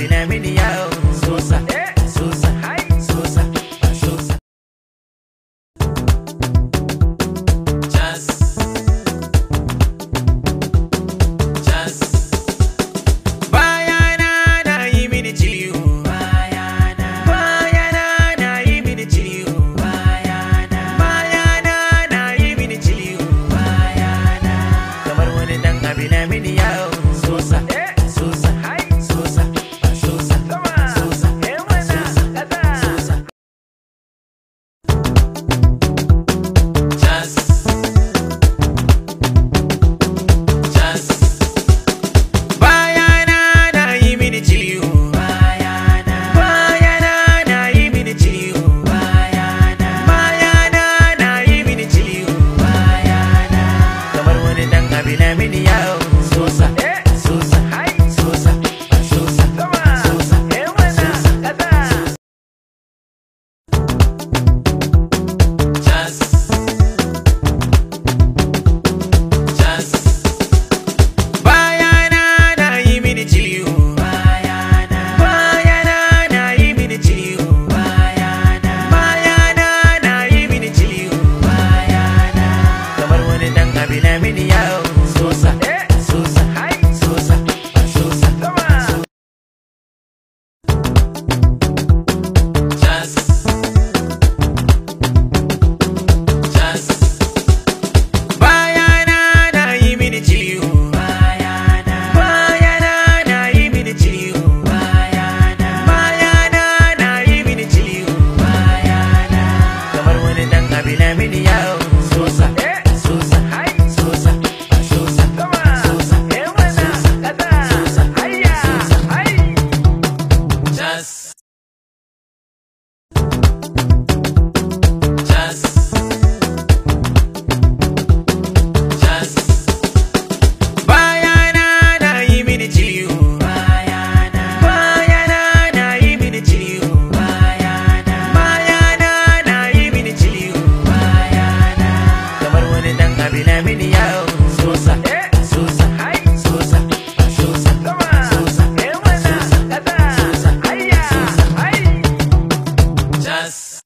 Bina mini yao us.